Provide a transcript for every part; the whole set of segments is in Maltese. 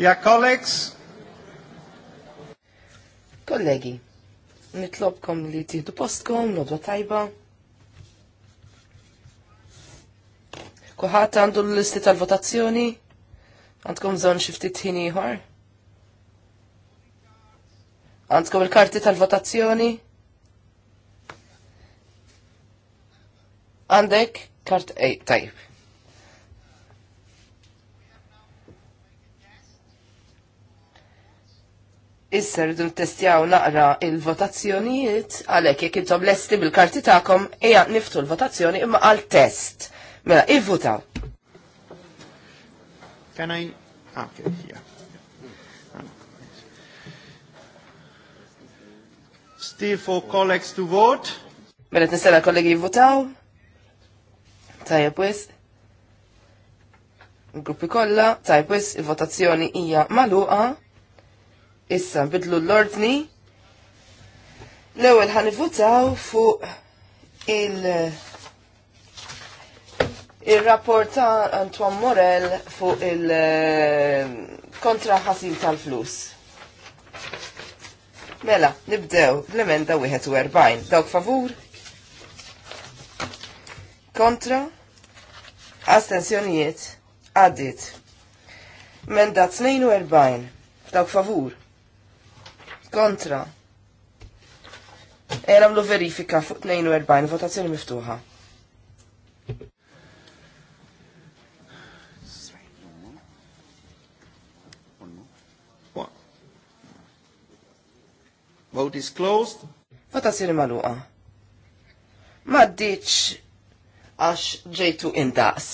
Ja kollegs. Kollegi, nitlobkom li tiħdu postkom, nodwa tajba. Kuħat għandu l-listi tal-votazzjoni? Għandkom zon xiftit ħin ieħor? Għandkom il-karti tal-votazzjoni? Għandek kart ej, tajb. Issa rridu testjaw naqra il-votazzjonijiet għalhekk jekk intom lesti bil-karti tagħkom eja niftu l-votazzjoni imma għal test. Mela ivvutaw. Can I ah, okay, yeah. Still for colleagues to vote. Mela t nistela kollegi jivvotaw. Tajja pwis. Gruppi kolla, tajja wis il-votazzjoni hija maluqa. Issa bidlu l-ordni. L-ewwel ħanifutaw fuq il- Il-rapport ta' Antoine Morel fuq il-kontra ħasil tal-flus. Mela, nibdew l-emenda 41. Dawk favur? Kontra? Astensjonijiet? Addit? Menda 42. Dawk favur? kontra. E namlu verifika fuq 42, votazzjoni miftuħa. Vote is closed. Votazzjoni maluqa. Ma ddiċ għax ġejtu indaqs.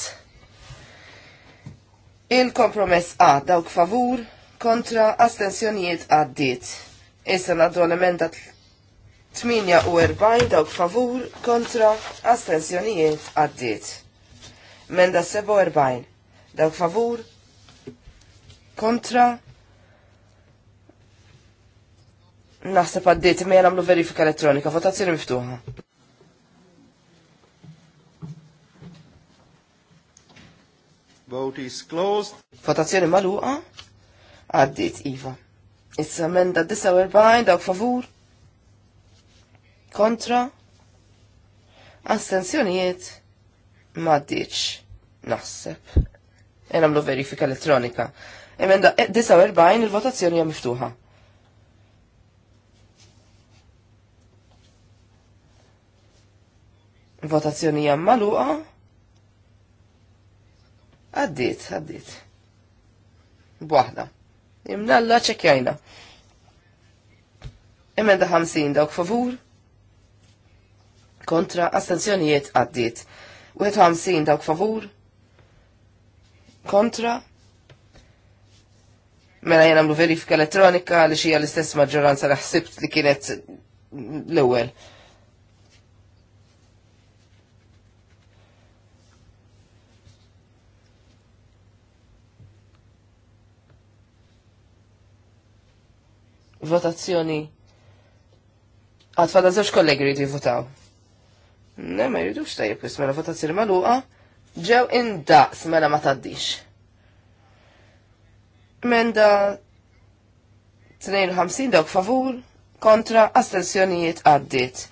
Il-kompromess għad dawk favur kontra astensjonijiet għaddit. Issa naddu emenda 48 dawk favur kontra astensjonijiet għaddit. Menda 47 dawk favur kontra Naħseb għaddiet me għamlu verifika elettronika, votazzjoni miftuħa. Vote is closed. Votazzjoni maluqa? Għaddiet, Iva. Issa menda 49 dawk favur. Kontra. Astenzjonijiet diċ. naħseb. E namlu verifika elettronika. Emenda 49 il-votazzjoni hija miftuħa. votazzjoni hija maluqa. Għaddiet, għaddit. Bwaħda. Imnalla ċekjajna. Emenda 50 dawk favur. Kontra astenzjonijiet għaddit. 51 dawk favur. Kontra. Mela jena mlu verifika elettronika li xija l-istess maġġoranza li ħsibt li kienet l-ewel. votazzjoni. Għatfada zewġ kollegi rridu jivvotaw. Ne, ma jridux tajib, jis mela votazzjoni maluqa, ġew indaqs mela ma taddix. Menda 52 dawk favur, kontra astensjonijiet għaddit.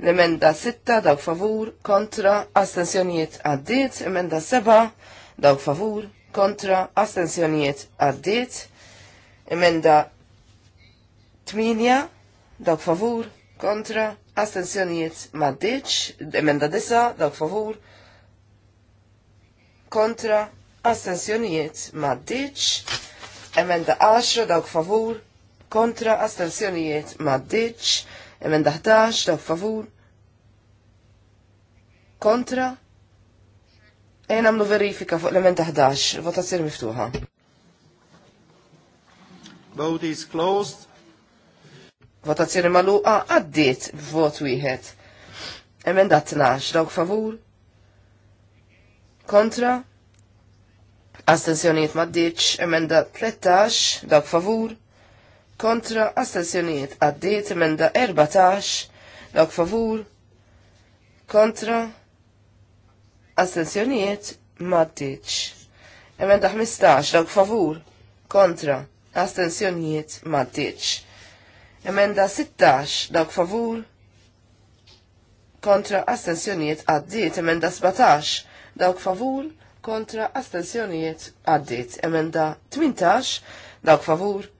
L-emenda 6 dawk favur, kontra astensjonijiet għaddit. Emenda 7 dawk favur, kontra astensjonijiet għaddit. Emenda Tminja dawk favur kontra astensjonijiet maddiċ emenda disa, dawk favur kontra astensjonijiet maddiċ emenda 10 dawk favur kontra astensjonijiet maddiċ emenda 11 dawk favur kontra Ejn għamlu verifika fuq l-emenda element 11, votazzjoni miftuħa. Vote is closed. Votazzjoni maluqa għaddiet b'vot wieħed. Emenda 12 dawk favur. Kontra. Astensjonijiet maddiċ. Emenda 13 dawk favur. Kontra. Astensjonijiet għaddiet. Emenda 14 dawk favur. Kontra. Astensjonijiet maddiċ. Emenda 15 dawk favur. Kontra. Astensjonijiet maddiċ. Emenda 16 dawk favur kontra astensjonijiet għaddit. Emenda 17 dawk favur kontra astensjonijiet għaddit. Emenda 18 dawk favur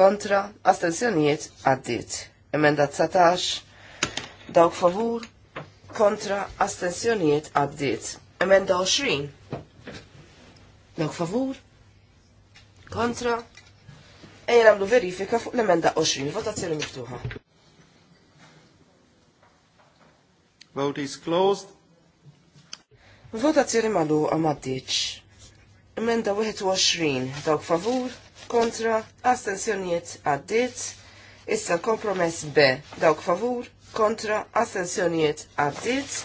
kontra astensjonijiet għaddit. Emenda 19 dawk favur kontra astensjonijiet għaddit. Emenda 20 dawk favur kontra ej nagħmlu verifika fuq l-emenda 20, votazzjoni miftuħa. Vote is closed. Votazzjoni magħluqa għamaddiċ. Emenda 21, dawk favur, kontra, astensjoniet għaddiet. Issa kompromess B, dawk favur, kontra, astensjoniet għaddiet.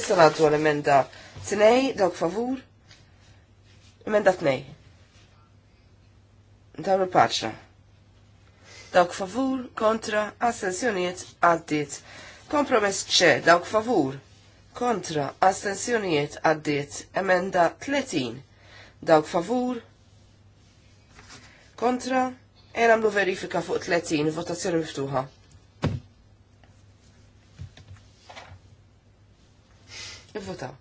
Issa għaddu l-emenda 2, dawk favur, emenda 2, dawn il Dawk favur kontra astensjoniet għaddiet. Kompromess ċe dawk favur kontra astensjoniet għaddiet emenda 30 dawk favur kontra e mlu verifika fuq 30 votazzjoni miftuħa. Ivvota.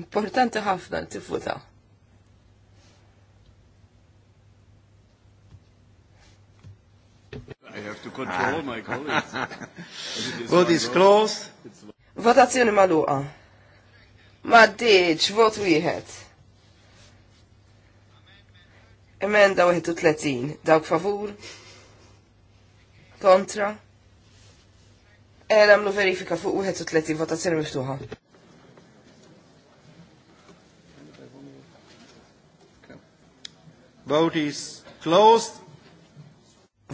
Importanti ħafna tifvota. to control my colleagues. Vote is closed. Votazzjoni maluqa. Ma diċ, vot wieħed. Emenda 31, dawk favur. Kontra. Eramlu verifika fuq 31 votazzjoni miftuħa. Vote is closed.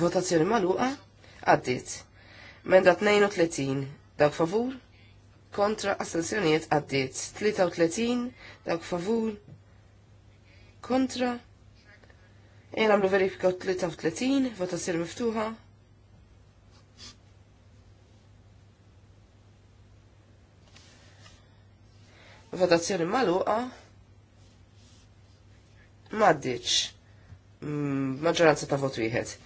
Votazzjoni maluqa, għaddit. Menda 32, dawk favur, kontra astensjoniet għaddit. 33, dawk favur, kontra. Ejn għamlu verifika 33, votazzjoni miftuħa. Votazzjoni maluqa, maddiċ. Maġġoranza ta' votu wieħed.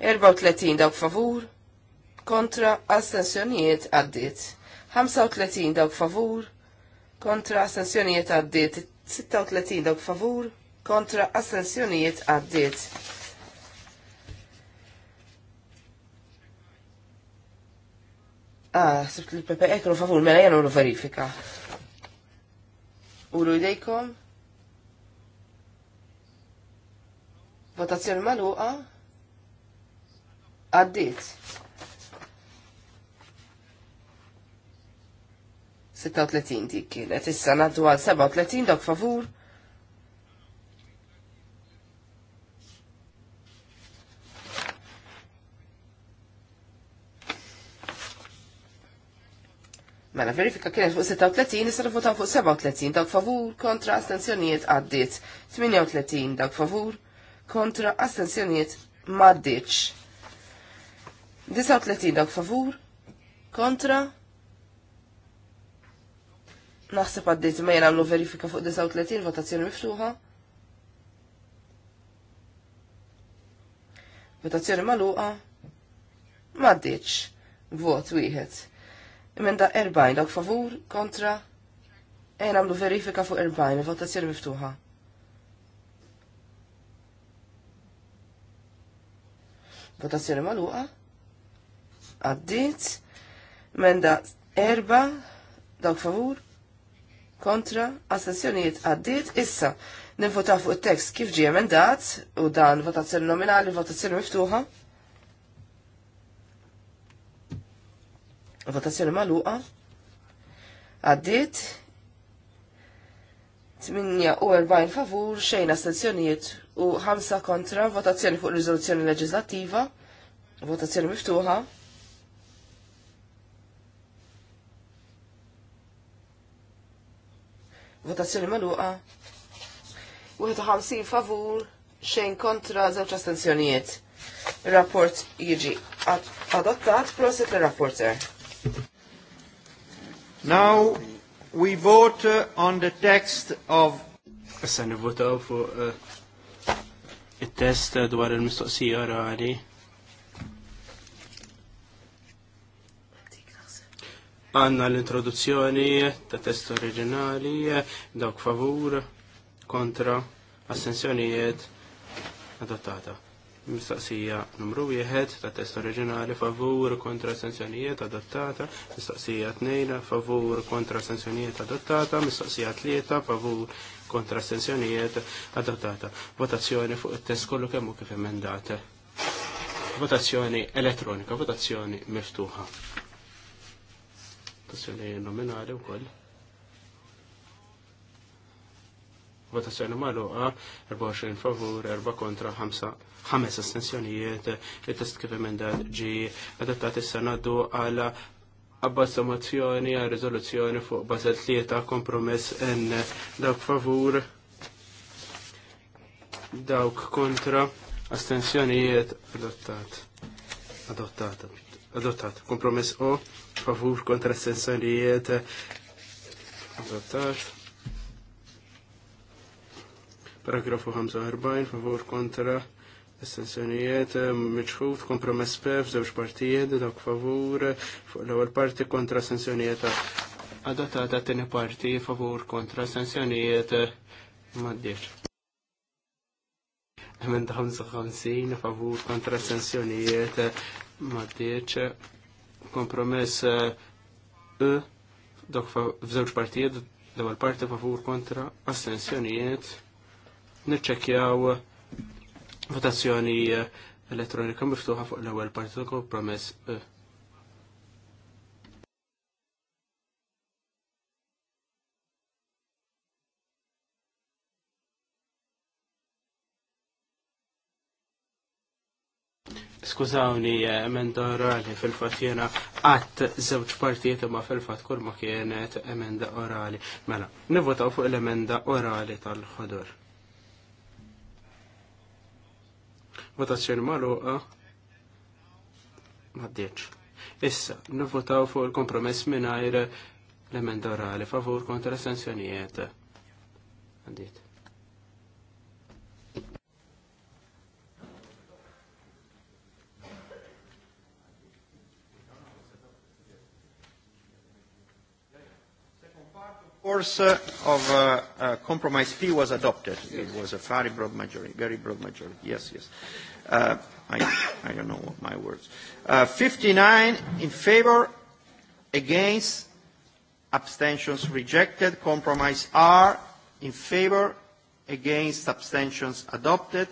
34 dawk favur, kontra astensjonijiet għaddit. 35 dawk favur, kontra astensjonijiet għaddit. 36 dawk favur, kontra astensjonijiet għaddit. Ah, sibt li pepe ekru favur, mela jenu l-verifika. Ulu jdejkom? Votazzjoni maluqa? għaddit. 36 dik kienet, issa naddu għal 37 dak favur. Mela verifika kienet fuq 36, issa nifutaw fuq 37 dak favur kontra astensjonijiet għaddit. 38 dak favur kontra astensjonijiet maddiċ. 39 dak favur, kontra, naħseb għaddejt ma jenamlu verifika fuq 39 votazzjoni miftuħa. Votazzjoni maluqa, ma vot wieħed. Imenda 40 dawk favur, kontra, jenamlu verifika fuq 40, votazzjoni miftuħa. Votazzjoni maluqa? għaddit, menda erba, dawk favur, kontra, astensjonijiet għaddit, issa nivvota fuq il-tekst kif ġie emendat u dan votazzjoni nominali, votazzjoni miftuħa. Votazzjoni maluqa. Għaddit, 48 favur, xejn astenzjonijiet u 5 kontra votazzjoni fuq riżoluzzjoni leġislattiva, votazzjoni miftuħa. Votazzjoni maluqa. 51 favur, xejn kontra, żewġ astensjonijiet. Rapport jiġi adottat, prosit l-rapporter. Now we vote uh, on the text of Issa nivvotaw fuq uh, it-test dwar il-mistoqsija orali għanna l-introduzzjoni ta' test oriġinali, dawk favur, kontra, assenzjonijiet, adottata. Mistaqsija numru 1 ta' test oriġinali favur kontra assenzjonijiet adottata, mistaqsija 2 favur kontra assenzjonijiet adottata, mistaqsija 3 favur kontra assenzjonijiet adottata. Votazzjoni fuq it-test kollu kemm kif emendata. Votazzjoni elettronika, votazzjoni miftuħa votazzjoni nominali u koll. Votazzjoni maluqa, 24 favur, 4 kontra, 5 ħames astensjonijiet, il-test kif emendat ġi adattat is-senadu għal abbazzamozzjoni għal rizoluzzjoni fuq li ta' kompromess en dawk favur, dawk kontra, astensjonijiet adottat. adottat adottat. Kompromess O, favur kontra sensoriet. adottat. Paragrafu 45, favur kontra sensoriet. miċħuf, kompromess P, f'żewġ partijiet, dak favur, l-ewwel parti kontra sensoriet. Adottat t-tieni parti favur kontra sensoriet. m'għaddiex. Emenda 55 favur kontra estensjonijiet ma dieċ kompromess u e, dok f'żewġ partijiet l-ewwel parti favur kontra astensjonijiet niċċekkjaw votazzjoni e, elettronika miftuħa fuq l-ewwel parti kompromess e. Skużawni, eh, emenda orali fil-fat jena għat zewċ partijiet ma fil-fat kur ma kienet emenda orali. Mela, nivotaw fuq l-emenda orali tal-ħodur. Votazzjoni maluqa ma Issa, nivotaw fuq il-kompromess minn l-emenda orali favur kontra sanzjonijiet. Għandiet. course uh, of uh, uh, compromise P was adopted. Yes. It was a very broad majority, very broad majority. Yes, yes. Uh, I, I don't know what my words. Uh, 59 in favor, against, abstentions rejected. Compromise R in favor, against, abstentions adopted.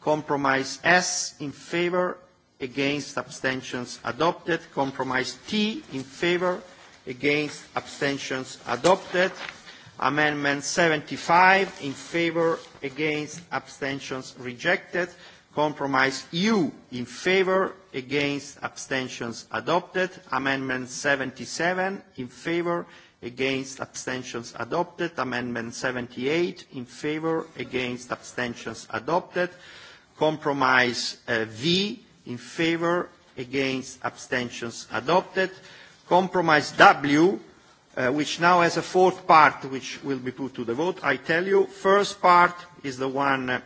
Compromise S in favor, against, abstentions adopted. Compromise T in favor, against abstentions adopted. Amendment 75 in favor against abstentions rejected. Compromise U in favor against abstentions adopted. Amendment 77 in favor against abstentions adopted. Amendment 78 in favor against abstentions adopted. Compromise uh, V in favor against abstentions adopted compromise W, uh, which now has a fourth part which will be put to the vote. I tell you, first part is the one uh,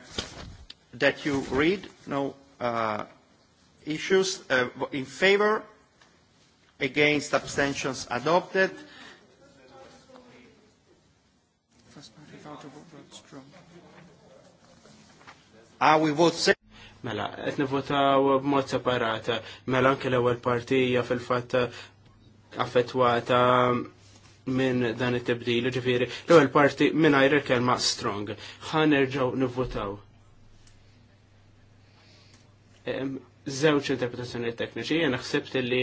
that you read, no uh, issues, uh, in favor, against abstentions adopted. Ah, we vote Mela, qed nivvotaw mod separata. Mela anke l ewel partija fil fat affettuata minn dan it-tibdil, ġifiri, l-ewwel parti minn il-kelma strong. Ħan irġaw nivvotaw. Zewċ interpretazzjoni tekniċi, jena xsebt li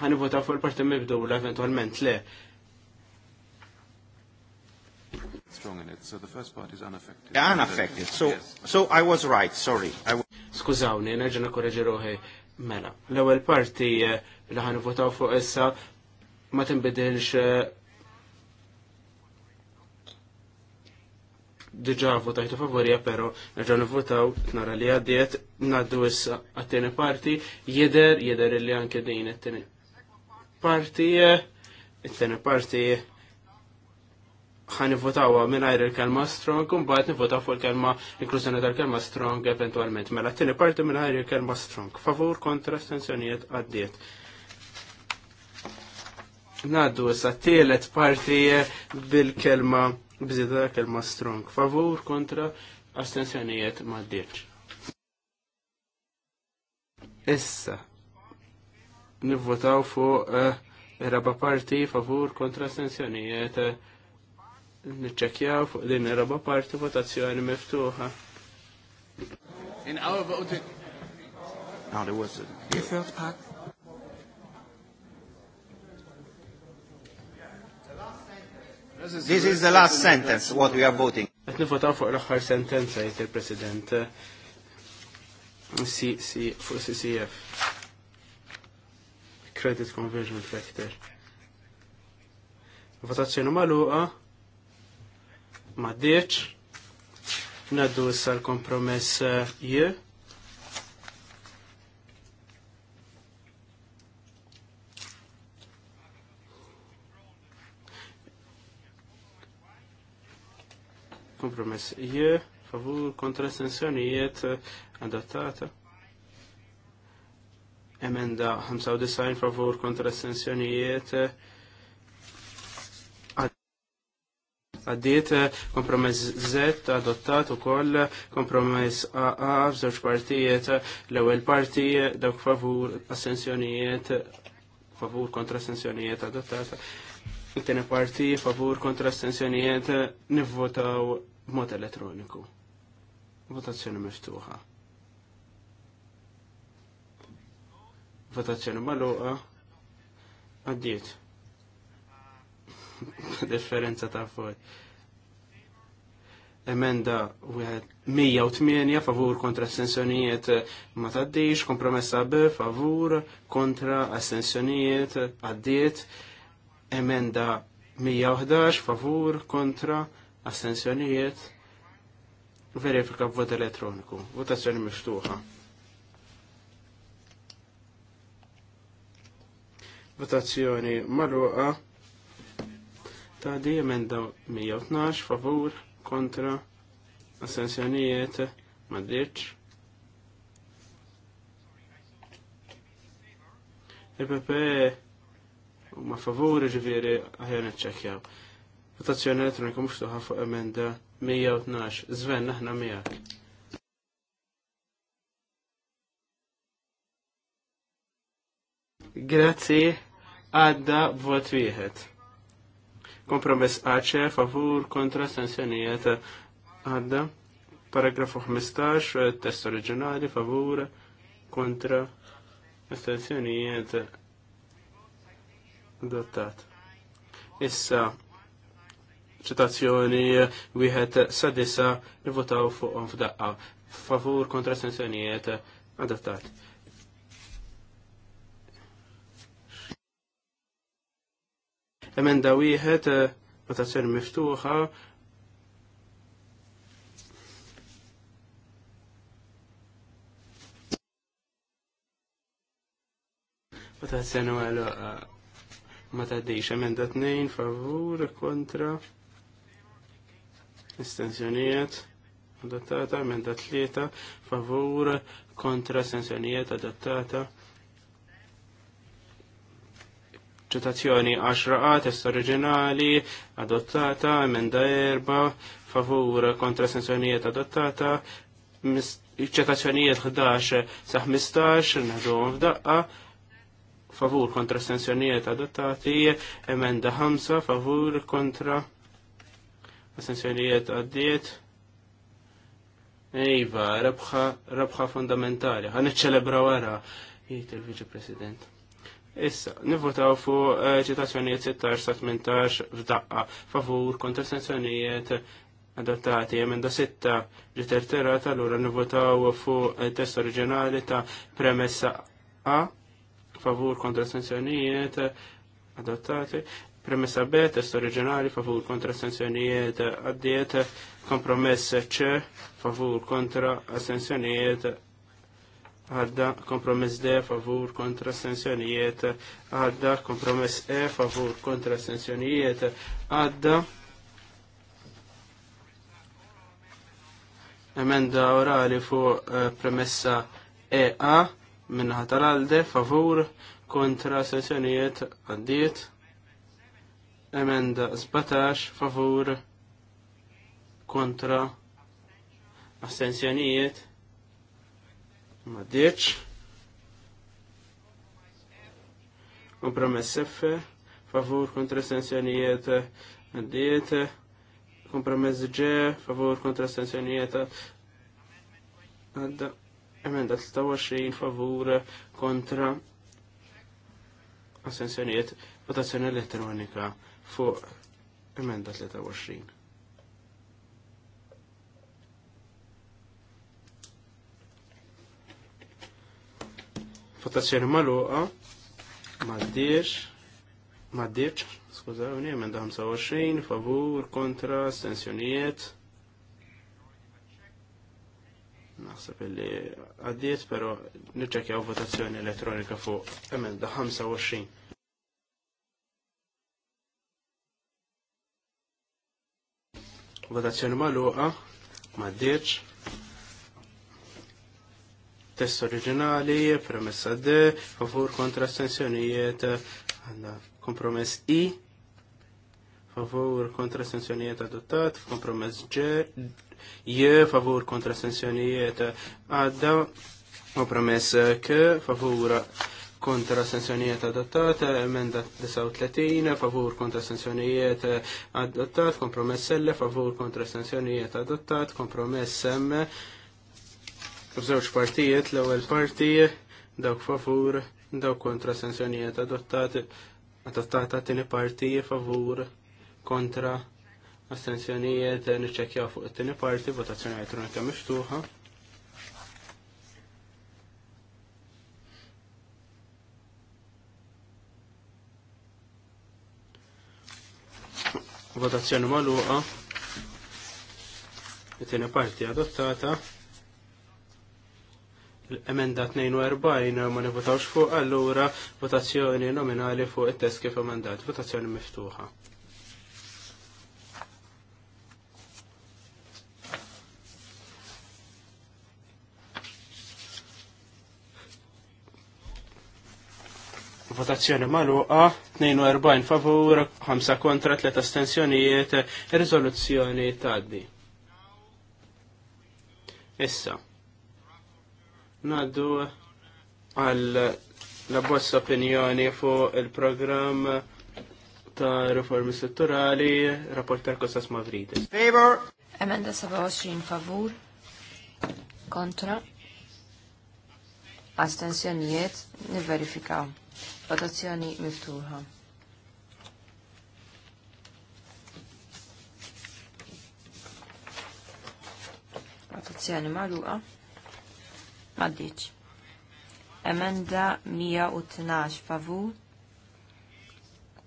ħan nivvotaw fuq il-parti mibdula eventualment le. Strong in it, so the first part is unaffected. Yeah, unaffected. So, so I was right, sorry. Skużawni, nerġa' korreġi roħi Mela, l-ewwel parti uh, li ħan votaw fuq issa ma tinbidilx eh, diġa votajtu favorija, eh, pero nerġaw votaw, nara li għaddiet naddu issa għattini parti, jider, jider li anke din għattini parti, għattini eh, parti ħan minn minnajr il-kelma strong, mbagħad nivvotaw fuq il-kelma inklużjoni tal-kelma strong eventualment. Mela t-tini parti minnajr il-kelma strong. Favur kontra estensjonijiet għaddiet. Naddu sa telet parti bil-kelma bżida kelma strong. Favur kontra astensjonijiet ma' dirċ. Issa nivvotaw fu eh, raba parti favur kontra astensjonijiet Nċekjaw fuq din raba parti votazzjoni miftuħa. In our voting. No, there was a... You felt part. This is the last sentence, what we are voting. Qed nifotaw fuq l-aħħar sentenza jgħid il-President. CC, Fuq CCF. Credit Conversion Factor. Votazzjoni magħluqa ma' deċ. Naddu issa l-kompromess jie. Yeah. Kompromess je, favur kontra astensjonijiet adottata. Emenda 95 favur kontra astensjonijiet għaddiet kompromess Z adottat u koll kompromess AA f'żewġ partijiet l-ewwel parti dawk favur assenzjonijiet favur kontra assenzjonijiet adottat it-tieni parti favur kontra astensjonijiet nivvotaw b'mod elettroniku. Votazzjoni miftuħa. Votazzjoni magħluqa għaddiet. Differenza ta' fuq. Emenda 108 favur kontra astensjonijiet ma taddix, kompromessa B favur kontra astensjonijiet għaddiet. Emenda 111 favur kontra astensjonijiet verifika vot elettroniku. Votazzjoni miftuħa. Votazzjoni marruqa ta' di emenda 112 favur kontra astensjonijiet madriċ. il e ppe u ma favuri ġiviri għajan ċekjaw. Votazzjoni elettronika muftuħa fuq emenda 112. Zven, naħna miegħek. Grazzi, għadda vot wieħed. Kompromess għacċe, favur, kontra, sanzjonijiet għadda. Paragrafu 15, test oriġinali, favur, kontra, stanzjonijiet dotat. Issa, ċitazzjoni wieħed sadissa nivvotaw fuqom f'daqqa. Favur kontra sanzjonijiet adottat. Emenda wieħed votazzjoni miftuħa Votazzjoni għal ma taddix emenda 2 favur kontra estensjonijiet adattata emenda 3 favur kontra estensjonijiet adattata ċitazzjoni 10 a test oriġinali adottata emenda 4 favur kontra estensjonijiet adottata ċitazzjonijiet 11 saħ 15 nħadu f'daqqa favur kontra astensjonijiet adottati, emenda 5 favur kontra astensjonijiet għaddiet. Iva, rabħa rabħa fundamentali, għan iċċelebra wara, jiet il-Viċi President. Issa, nivvotaw fu eh, ċitazzjonijiet 16 sa 18 f'daqqa, favur kontra sensjonijiet adottati, emenda 6 ġiterterata, l-ura nivvotaw fu eh, test oriġinali ta' premessa A, favur kontra sanzjonijiet adottati, premessa B, test oriġinali, favur kontra sanzjonijiet għaddiet, kompromess C, favur kontra sanzjonijiet għadda, kompromess D, favur kontra sanzjonijiet għadda, kompromess E, favur kontra sanzjonijiet għadda. Emenda orali fu eh, premessa EA minna tal-alde favur kontra sessjonijiet għaddiet emenda 17 favur kontra astensjonijiet ma ditx u promess F favur kontra astensjonijiet għaddiet kompromess G favur kontra astensjonijiet għadda Emenda 26 favur kontra assenzjonijiet votazzjoni elettronika fuq emenda 23. Votazzjoni maluqa maddiex maddiex skużawni emenda 25 favur kontra assenzjonijiet Nasab li għaddiet, pero nċekjaw votazzjoni elettronika fuq emenda 25. Votazzjoni maluqa, ma ddirċ. Test oriġinali, premessa D, favur kontra astensjonijiet, għanna kompromess I, favur kontra sanzjonijiet adottat, f'kompromess ġe, je favur kontra sanzjonijiet għadda, kompromess k, favur kontra sanzjonijiet adottat, emenda 39, favur kontra sanzjonijiet adottat, kompromess L, favur kontra sanzjonijiet adottat, kompromess M, Żewġ partijiet, l-ewwel parti, dawk favur, dawk kontra sanzjonijiet adottat, adottata tini parti favur kontra astenzjonijiet niċċekkjaw fuq it-tieni parti votazzjoni elettronika miftuħa. Votazzjoni magħluqa. It-tieni parti adottata. L-emenda 42 ma nivotawx fuq allura votazzjoni nominali fuq it-test kif emendat, votazzjoni miftuħa. Votazzjoni maluqa, 42 favur, 5 kontra, 3 astensjonijiet, rizoluzzjoni taddi. Issa. Naddu għal la bossa opinjoni fuq il-programm ta' riformi strutturali, rapporter Kostas Mavridis. Favor! Emenda 27 favur, kontra, astensjonijiet, niverifikaw. Votazzjoni miftuħa. Votazzjoni magħluqa. Maddiċ. Emenda 112 favur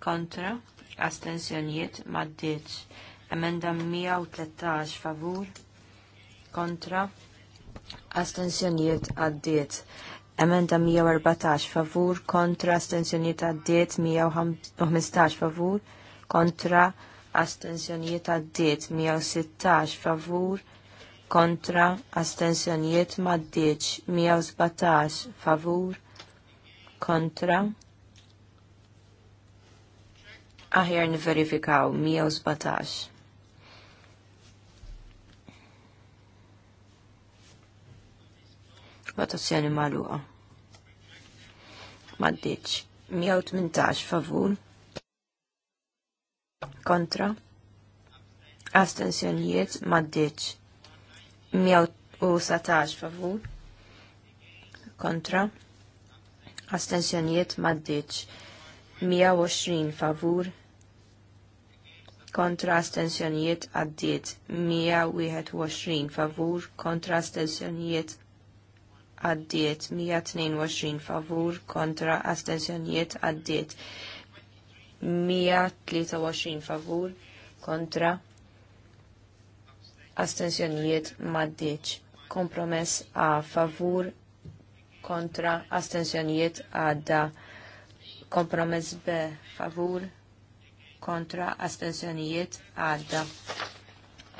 kontra astensjonijiet maddiċ. Emenda 113 favur kontra astensjonijiet Addiċ. Emenda 114 favur kontra astensjonijiet għaddiet 115 favur kontra ta' għaddiet 116 favur kontra astensjonijiet diet 117 favur kontra aħjar niverifikaw 117. Votazzjoni maluqa. Maddiċ. 118 favur. Kontra. Astensjonijiet maddiċ. 117 favur. Kontra. Astensjonijiet maddiċ. 120 favur. Kontra astensjonijiet għaddiet 121 favur. Kontra astensjonijiet għaddiet 122 favur kontra astensjonijiet għaddiet 123 favur kontra astensjonijiet maddiċ. Kompromess a favur kontra astensjonijiet għadda kompromess b favur kontra astensjonijiet għadda.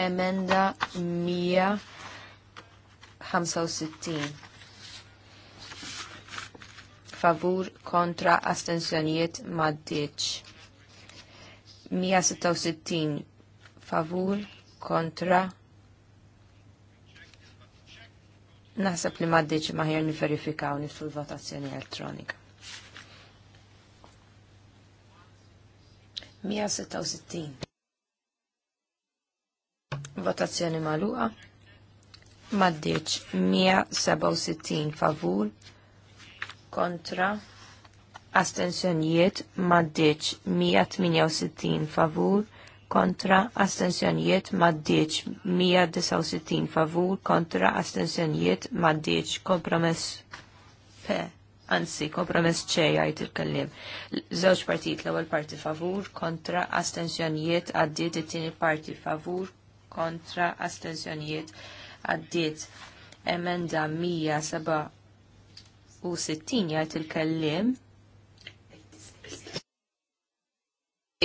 Emenda 165 favur kontra astensjonijiet maddiċ. 166 favur kontra Naħseb li maddiċ maħjer niferifikaw niftu l-votazzjoni elettronika. 166 Votazzjoni maluqa maddiċ 167 favur kontra astensjonijiet maddeċ 168 favur kontra astensjonijiet maddeċ 169 favur kontra astensjonijiet maddeċ kompromess P. Anzi, kompromess ċeja jgħid il-kellim. Żewġ partijiet l-ewwel parti favur kontra astensjonijiet għaddiet it-tieni parti favur kontra astensjonijiet għaddiet emenda u 60 jgħid il-kellim.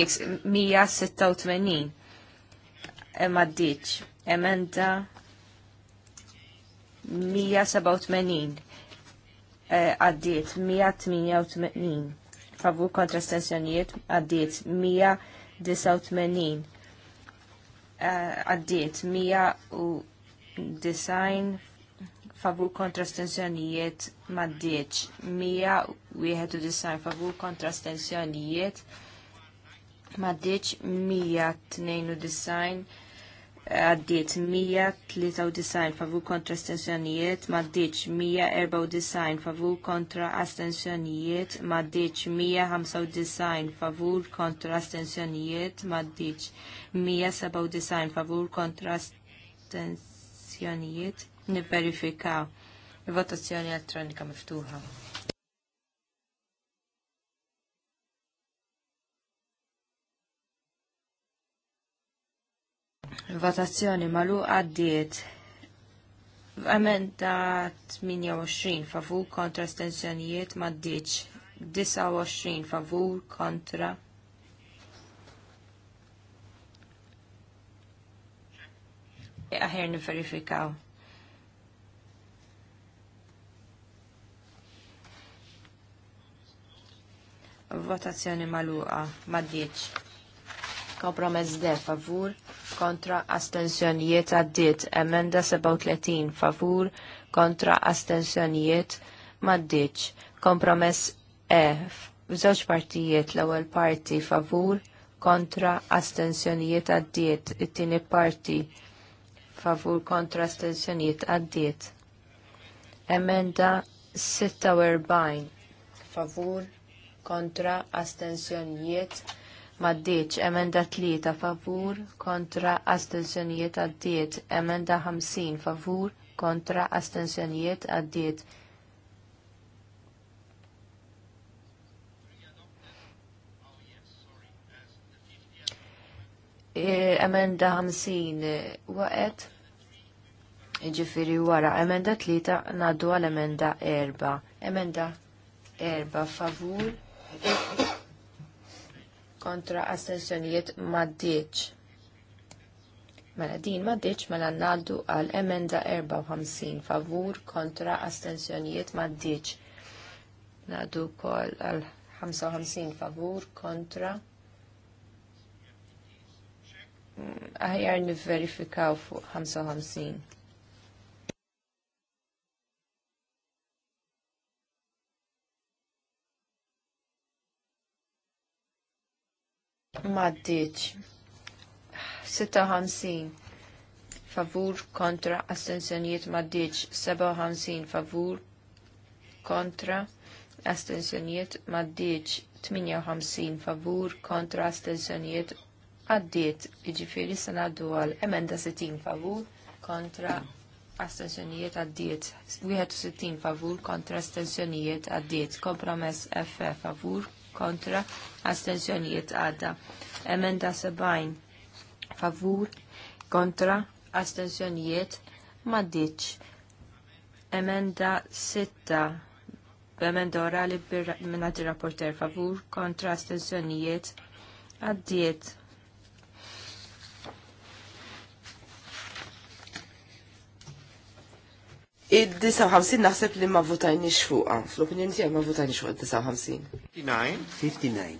186 imma d-diċ. Emenda 187 e, għaddiet 188 favur kontra estensjonijiet: għaddiet 189 e, għaddiet 190 favur kontra stensjonijiet maddieċ. Mija 191 favur kontra stensjonijiet maddieċ. 192 għaddiet 193 favur kontra stensjonijiet maddieċ. 194 favur kontra astensjonijiet maddieċ. 195 favur kontra astensjonijiet maddieċ. 197 eh, favur kontra astensjonijiet niverifikaw il-votazzjoni elettronika miftuħa. Votazzjoni malu għaddiet Emenda 28 favur kontra stenzjonijiet ma ddiċ 29 favur kontra aħjar niverifikaw. Votazzjoni maluqa maddiċ. Kompromess de favur kontra astensjonijiet għaddiet. Emenda 37 favur kontra astensjonijiet maddiċ. Kompromess E. Żewġ partijiet l-ewwel parti favur kontra astensjonijiet għaddiet. It-tieni parti favur kontra astensjonijiet għaddiet. Emenda 46 favur kontra astensjonijiet maddiċ emenda 3 favur kontra astensjonijiet għaddiet emenda 50 favur kontra astensjonijiet għaddiet e, emenda 50 waqet ġifiri wara emenda 3 naddu għal emenda 4 emenda 4 favur kontra astensjonijiet maddiċ. Mela din maddiċ mela naddu għal emenda 54 favur kontra astensjonijiet maddiċ. Naddu kol għal 55 favur kontra mm, aħjar niverifikaw fuq 55. maddiċ. 56 favur kontra astensjonijiet maddiċ. 57 favur kontra astensjonijiet maddiċ. 58 favur kontra astensjonijiet għaddiet iġifiri sena għal emenda 60 favur kontra astensjonijiet għaddiet, 61 favur kontra astensjonijiet għaddiet, kompromess FF favur kontra astenzjonijiet għadda. Emenda 70 favur kontra astenzjonijiet maddiċ. Emenda 6 b'emenda orali minnati rapporter favur kontra astenzjonijiet għaddiet. id-59 naħseb li ma votajni xfuqa. Fl-opinjoni tiegħi ma votajni fuq id-59. 59.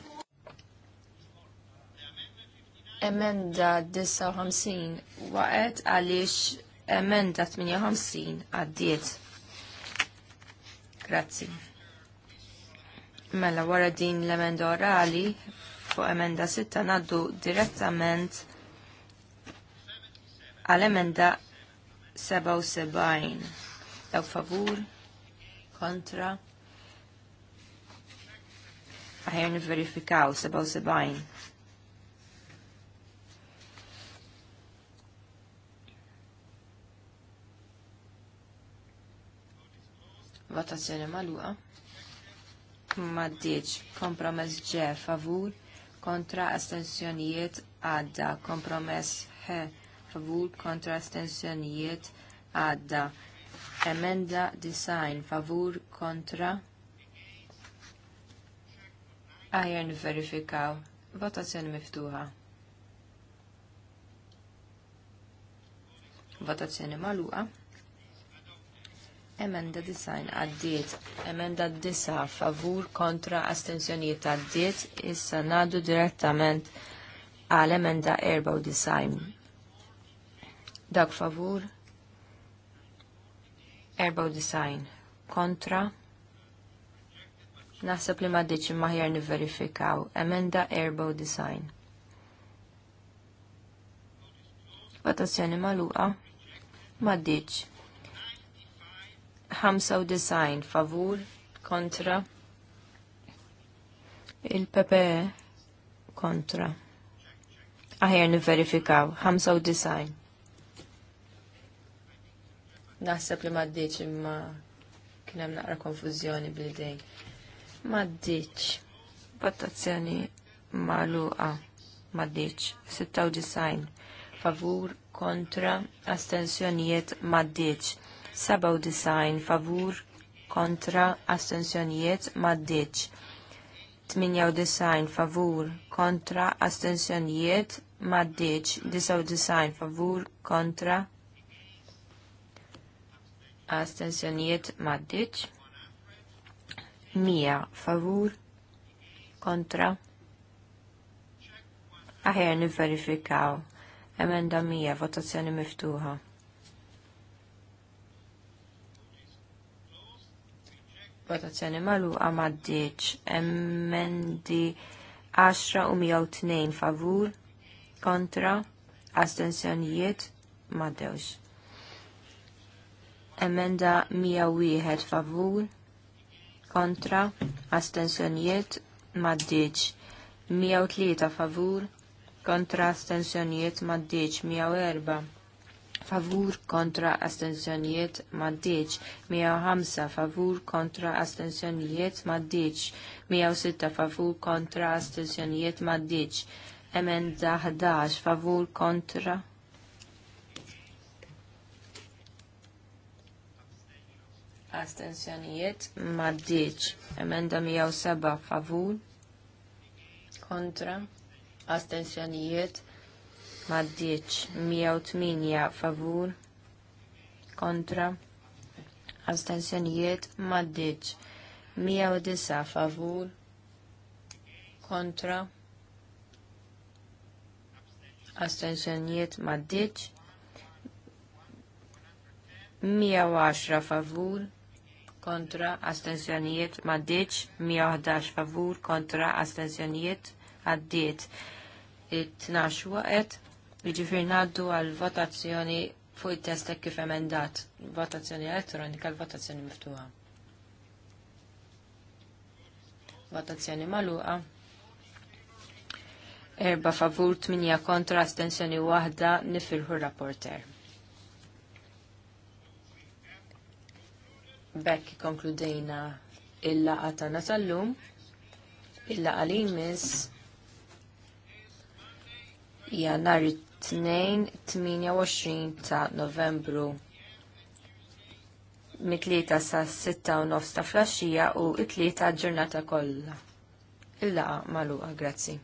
Emenda 59 waqgħet għaliex emenda 58 għaddiet. Grazzi. Mela wara din l-emenda orali fuq emenda 6 naddu direttament għal emenda 77. Dawk favur, kontra. Aħjar nifverifikaw, 77. Votazzjoni maluqa. Maddiċ, kompromess ġe favur, kontra astensjonijiet għadda, kompromess he favur, kontra astensjonijiet għadda. Emenda design favur kontra. Ajer verifikaw. Votazzjoni miftuħa. Votazzjoni maluqa. Emenda design għaddiet. Emenda disa favur kontra astenzjonijiet għaddiet. Issa nadu direttament għal emenda erba u design. Dak favur design. kontra Naħseb li maddiċ maħjar niverifikaw. Emenda design. Votazzjoni maluqa. Maddiċ. design favur kontra. Il-PPE kontra. Aħjar niverifikaw. design. Naħseb li maddiċ imma kien hemm naqra konfużjoni bil-dej. Maddiċ. Votazzjoni maluqa. Maddiċ. 96. Favur kontra astensjonijiet maddiċ. 97 favur kontra astensjonijiet maddiċ. 98 favur kontra astensjonijiet maddiċ. 99 favur kontra astensjonijiet maddiċ, mija favur kontra aħjar nifverifikaw emenda mija votazzjoni miftuħa. Votazzjoni malu għamaddiċ emendi 10 u 102 favur kontra astensjonijiet maddiċ. Emenda 101 favur kontra astensjonijiet maddiċ. 103 favur kontra astensjonijiet maddiċ. 104 favur kontra astensjonijiet maddiċ. 105 favur kontra astensjonijiet maddiċ. 106 favur kontra astensjonijiet maddiċ. Emenda 11 favur kontra astensjonijiet maddiċ. Emenda 107 favur kontra astensjonijiet maddiċ. 108 favur kontra astensjonijiet maddiċ. 109 favur kontra astensjonijiet maddiċ. 110 favur kontra astensjonijiet maddiċ, 111 favur kontra astensjonijiet għaddiet. It-12 waqet, iġifir naddu għal votazzjoni fuq il-test kif emendat, votazzjoni elettronika, l-votazzjoni miftuħa. Votazzjoni maluqa. Erba favur, 8 kontra, astenzjoni wahda, nifirħu rapporter. Bekk konkludejna il-laqa tagħna tal-lum. Il-laqa li jmiss hija nhar it-tnejn 28 ta' Novembru mit-tlieta sa' sitta u nofs ta' flaxxija u t-tlieta ġurnata kollha. Il-laqa magħluqa, grazzi.